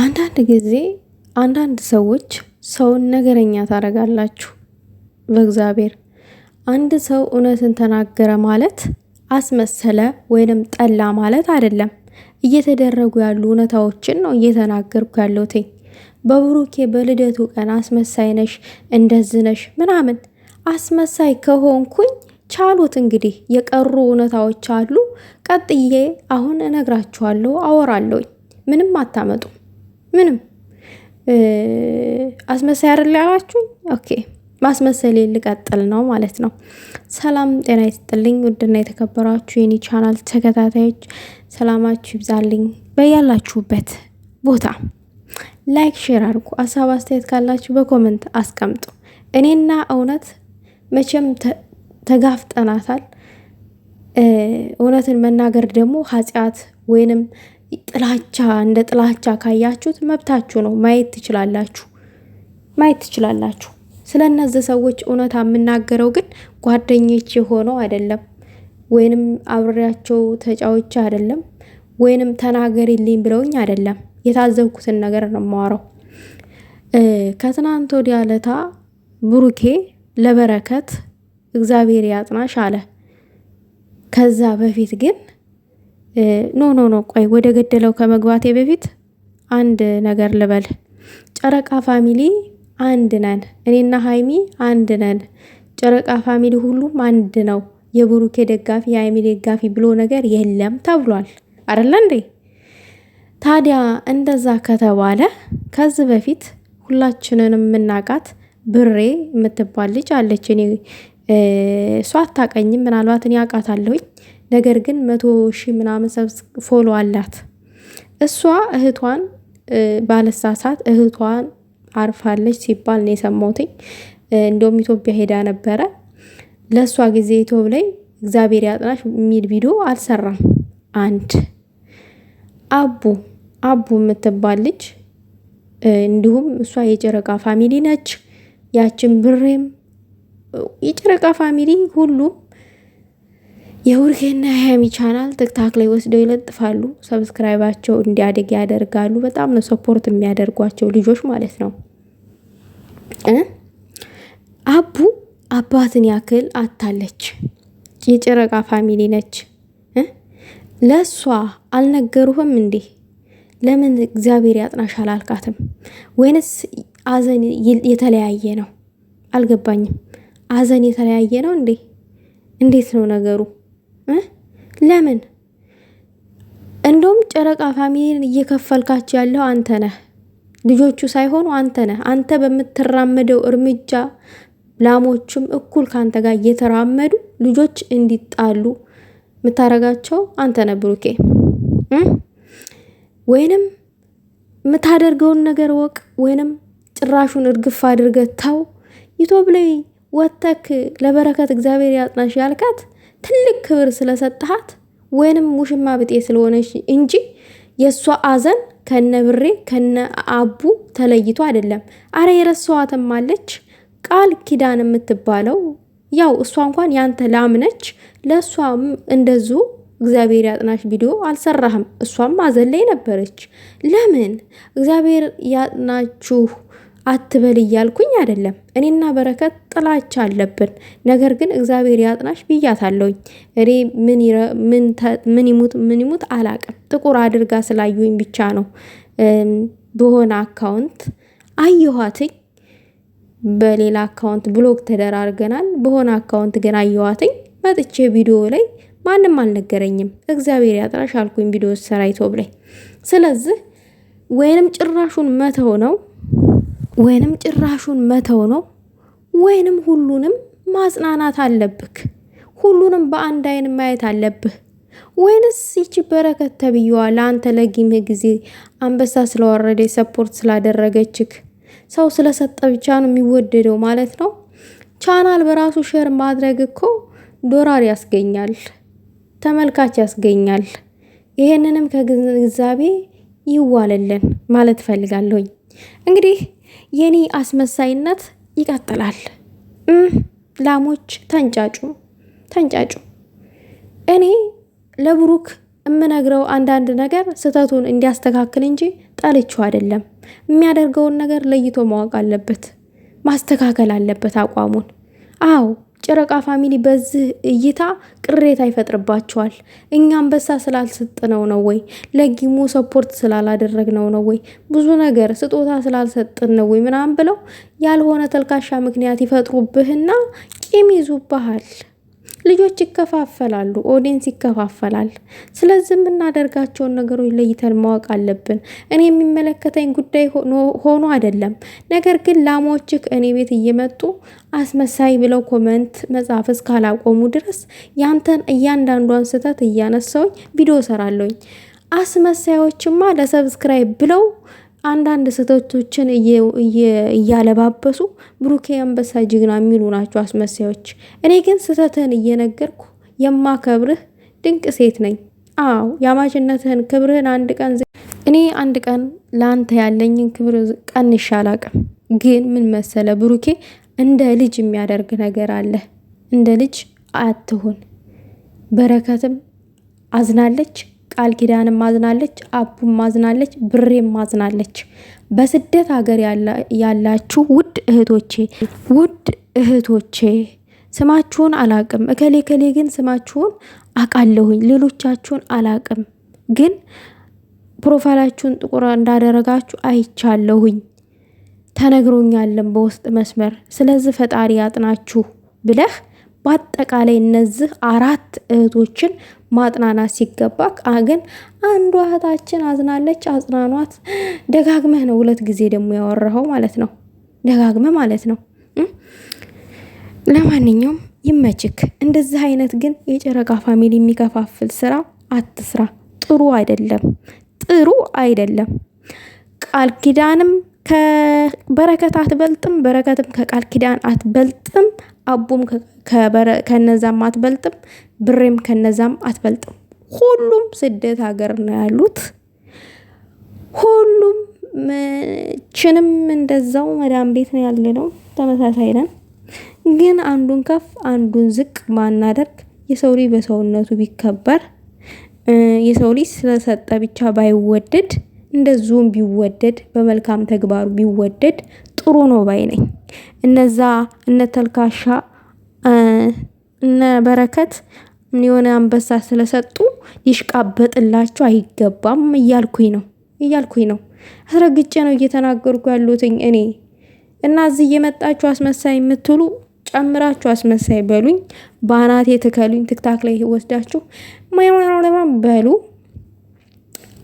አንዳንድ ጊዜ አንዳንድ ሰዎች ሰውን ነገረኛ ታደርጋላችሁ። በእግዚአብሔር አንድ ሰው እውነትን ተናገረ ማለት አስመሰለ ወይንም ጠላ ማለት አይደለም። እየተደረጉ ያሉ እውነታዎችን ነው እየተናገርኩ ያለሁት። በብሩኬ በልደቱ ቀን አስመሳይ ነሽ እንደዚህ ነሽ ምናምን አስመሳይ ከሆንኩኝ ቻሉት እንግዲህ የቀሩ እውነታዎች አሉ። ቀጥዬ አሁን እነግራችኋለሁ፣ አወራለሁኝ። ምንም አታመጡም። ምንም አስመሳይ አይደል ያላችሁ? ኦኬ ማስመሰል ልቀጥል ነው ማለት ነው። ሰላም ጤና ይስጥልኝ። ውድና የተከበራችሁ የኔ ቻናል ተከታታዮች ሰላማችሁ ይብዛልኝ በያላችሁበት ቦታ። ላይክ፣ ሼር አድርጉ። ሀሳብ አስተያየት ካላችሁ በኮመንት አስቀምጡ። እኔና እውነት መቼም ተጋፍጠናታል። እውነትን መናገር ደግሞ ኃጢአት ወይንም ጥላቻ እንደ ጥላቻ ካያችሁት መብታችሁ ነው። ማየት ትችላላችሁ፣ ማየት ትችላላችሁ። ስለ እነዚህ ሰዎች እውነታ የምናገረው ግን ጓደኞች የሆነው አይደለም፣ ወይንም አብሬያቸው ተጫዎች አይደለም፣ ወይንም ተናገሪልኝ ብለውኝ አይደለም። የታዘብኩትን ነገር ነው የማወራው። ከትናንት ወዲያ ለታ ብሩኬ ለበረከት እግዚአብሔር ያጽናሽ አለ። ከዛ በፊት ግን ኖ ኖ ኖ ቆይ ወደ ገደለው ከመግባቴ በፊት አንድ ነገር ልበል። ጨረቃ ፋሚሊ አንድ ነን፣ እኔና ሀይሚ አንድ ነን። ጨረቃ ፋሚሊ ሁሉም አንድ ነው። የብሩኬ ደጋፊ የሀይሚ ደጋፊ ብሎ ነገር የለም ተብሏል አይደለ እንዴ? ታዲያ እንደዛ ከተባለ ከዚህ በፊት ሁላችንን የምናቃት ብሬ የምትባል ልጅ አለች። እኔ እሷ አታቀኝም፣ ምናልባት እኔ አውቃታለሁኝ ነገር ግን መቶ ሺህ ምናምን ፎሎ አላት። እሷ እህቷን ባለሳሳት እህቷን አርፋለች ሲባል ነው የሰማሁትኝ። እንደውም ኢትዮጵያ ሄዳ ነበረ ለእሷ ጊዜ ኢትዮብ ላይ እግዚአብሔር ያጥናሽ የሚል ቪዲዮ አልሰራም። አንድ አቡ አቡ የምትባል ልጅ እንዲሁም እሷ የጨረቃ ፋሚሊ ነች። ያችን ብሬም የጨረቃ ፋሚሊ ሁሉም የውርጌና የሀይሚ ቻናል ትክታክ ላይ ወስደው ይለጥፋሉ። ሰብስክራይባቸው እንዲያደግ ያደርጋሉ። በጣም ነው ሰፖርት የሚያደርጓቸው ልጆች ማለት ነው። አቡ አባትን ያክል አታለች። የጨረቃ ፋሚሊ ነች። ለእሷ አልነገሩህም እንዴ? ለምን እግዚአብሔር ያጥናሽ አላልካትም? ወይንስ አዘን የተለያየ ነው? አልገባኝም። አዘን የተለያየ ነው እንዴ? እንዴት ነው ነገሩ? ለምን እንደውም ጨረቃ ፋሚሊን እየከፈልካቸው ያለው አንተ ነህ፣ ልጆቹ ሳይሆኑ አንተ ነህ። አንተ በምትራመደው እርምጃ ላሞቹም እኩል ከአንተ ጋር እየተራመዱ ልጆች እንዲጣሉ የምታደርጋቸው አንተ ነህ ብሩኬ። ወይንም የምታደርገውን ነገር ወቅ ወይንም ጭራሹን እርግፍ አድርገታው ይቶ ብለይ ወተክ ለበረከት እግዚአብሔር ያጥናሽ ያልካት ትልቅ ክብር ስለሰጠሃት ወይንም ሙሽማ ብጤ ስለሆነች እንጂ የእሷ አዘን ከነ ብሬ ከነ አቡ ተለይቶ አይደለም። አረ የረሳዋትም አለች ቃል ኪዳን የምትባለው ያው እሷ እንኳን ያንተ ላምነች ለእሷም እንደዙ እግዚአብሔር ያጥናሽ ቪዲዮ አልሰራህም። እሷም አዘን ላይ ነበረች። ለምን እግዚአብሔር ያጥናችሁ አትበል እያልኩኝ አይደለም። እኔና በረከት ጥላቻ አለብን፣ ነገር ግን እግዚአብሔር ያጥናሽ ብያታለሁኝ። እኔ ምን ይሙት ምን ይሙት አላቅም። ጥቁር አድርጋ ስላዩኝ ብቻ ነው በሆነ አካውንት አየኋትኝ። በሌላ አካውንት ብሎክ ተደራርገናል። በሆነ አካውንት ግን አየኋትኝ። መጥቼ ቪዲዮ ላይ ማንም አልነገረኝም። እግዚአብሔር ያጥናሽ አልኩኝ ቪዲዮ ሰራይቶ ብላይ። ስለዚህ ወይንም ጭራሹን መተው ነው ወይንም ጭራሹን መተው ነው ወይንም ሁሉንም ማጽናናት አለብህ። ሁሉንም በአንድ አይን ማየት አለብህ። ወይንስ ይቺ በረከት ተብዬዋ ለአንተ ለጊምህ ጊዜ አንበሳ ስለወረደ ሰፖርት ስላደረገችክ ሰው ስለሰጠ ብቻ ነው የሚወደደው ማለት ነው። ቻናል በራሱ ሼር ማድረግ እኮ ዶላር ያስገኛል፣ ተመልካች ያስገኛል። ይሄንንም ከግንዛቤ ይዋለለን ማለት ፈልጋለሁኝ እንግዲህ የኔ አስመሳይነት ይቀጥላል። ላሞች ተንጫጩ ተንጫጩ። እኔ ለብሩክ የምነግረው አንዳንድ ነገር ስህተቱን እንዲያስተካክል እንጂ ጠልቼው አይደለም። የሚያደርገውን ነገር ለይቶ ማወቅ አለበት፣ ማስተካከል አለበት አቋሙን። አዎ ጨረቃ ፋሚሊ በዚህ እይታ ቅሬታ ይፈጥርባቸዋል። እኛ አንበሳ ስላልሰጥነው ነው ወይ? ለጊሙ ሰፖርት ስላላደረግነው ነው ወይ? ብዙ ነገር ስጦታ ስላልሰጥን ነው ወይ? ምናምን ብለው ያልሆነ ተልካሻ ምክንያት ይፈጥሩብህና ቂም ይዙብሃል። ልጆች ይከፋፈላሉ፣ ኦዲንስ ይከፋፈላል። ስለዚህ የምናደርጋቸውን ነገሮች ለይተን ማወቅ አለብን። እኔ የሚመለከተኝ ጉዳይ ሆኖ አይደለም፣ ነገር ግን ላሞችክ እኔ ቤት እየመጡ አስመሳይ ብለው ኮመንት መጻፍ እስካላቆሙ ድረስ ያንተን እያንዳንዷን ስህተት እያነሳውኝ ቪዲዮ ሰራለሁኝ። አስመሳዮችማ ለሰብስክራይብ ብለው አንዳንድ ስህተቶችን እያለባበሱ ብሩኬ አንበሳ ጅግና የሚሉ ናቸው አስመሳዮች። እኔ ግን ስህተትህን እየነገርኩ የማከብርህ ድንቅ ሴት ነኝ። አዎ የአማችነትህን ክብርህን አንድ ቀን እኔ አንድ ቀን ለአንተ ያለኝን ክብር ቀንሼ አላቅም። ግን ምን መሰለ ብሩኬ እንደ ልጅ የሚያደርግ ነገር አለ። እንደ ልጅ አትሁን። በረከትም አዝናለች ቃል ኪዳንም ማዝናለች፣ አቡም ማዝናለች፣ ብሬም ማዝናለች። በስደት ሀገር ያላችሁ ውድ እህቶቼ ውድ እህቶቼ ስማችሁን አላቅም፣ እከሌ እከሌ ግን ስማችሁን አቃለሁኝ፣ ሌሎቻችሁን አላቅም፣ ግን ፕሮፋይላችሁን ጥቁር እንዳደረጋችሁ አይቻለሁኝ፣ ተነግሮኛለን በውስጥ መስመር። ስለዚህ ፈጣሪ ያጥናችሁ ብለህ በአጠቃላይ እነዚህ አራት እህቶችን ማጥናናት ሲገባ ግን አንዷ እህታችን አዝናለች። አጽናኗት። ደጋግመህ ነው ሁለት ጊዜ ደግሞ ያወራኸው ማለት ነው። ደጋግመህ ማለት ነው። ለማንኛውም ይመችክ። እንደዚህ አይነት ግን የጨረቃ ፋሚሊ የሚከፋፍል ስራ አትስራ። ጥሩ አይደለም፣ ጥሩ አይደለም። ቃል ኪዳንም ከበረከት አትበልጥም፣ በረከትም ከቃል ኪዳን አትበልጥም፣ አቡም ከነዛም አትበልጥም፣ ብሬም ከነዛም አትበልጥም። ሁሉም ስደት ሀገር ነው ያሉት። ሁሉም ችንም እንደዛው መዳም ቤት ነው ያለ ነው። ተመሳሳይ ነን። ግን አንዱን ከፍ አንዱን ዝቅ ማናደርግ የሰው ልጅ በሰውነቱ ቢከበር የሰው ልጅ ስለሰጠ ብቻ ባይወደድ እንደዚሁም ቢወደድ በመልካም ተግባሩ ቢወደድ ጥሩ ነው ባይ ነኝ። እነዛ እነ ተልካሻ እነ በረከት የሆነ አንበሳ ስለሰጡ ይሽቃበጥላቸው አይገባም እያልኩኝ ነው እያልኩኝ ነው አስረግጬ ነው እየተናገርኩ ያሉትኝ እኔ እና እዚህ እየመጣችሁ አስመሳይ የምትሉ ጨምራችሁ አስመሳይ በሉኝ፣ በአናቴ ትከሉኝ፣ ትክታክ ላይ ወስዳችሁ በሉ።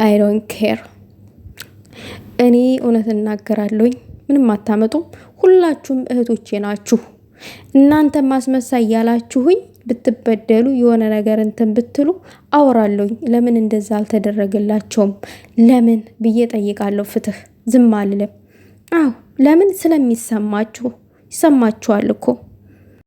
አይ ዶንት ኬር እኔ እውነት እናገራለሁኝ ምንም አታመጡም፣ ሁላችሁም እህቶቼ ናችሁ። እናንተ ማስመሳይ ያላችሁኝ ብትበደሉ የሆነ ነገር እንትን ብትሉ አወራለሁኝ። ለምን እንደዛ አልተደረገላቸውም ለምን ብዬ ጠይቃለሁ። ፍትህ ዝም አልልም። አዎ ለምን ስለሚሰማችሁ ይሰማችኋል እኮ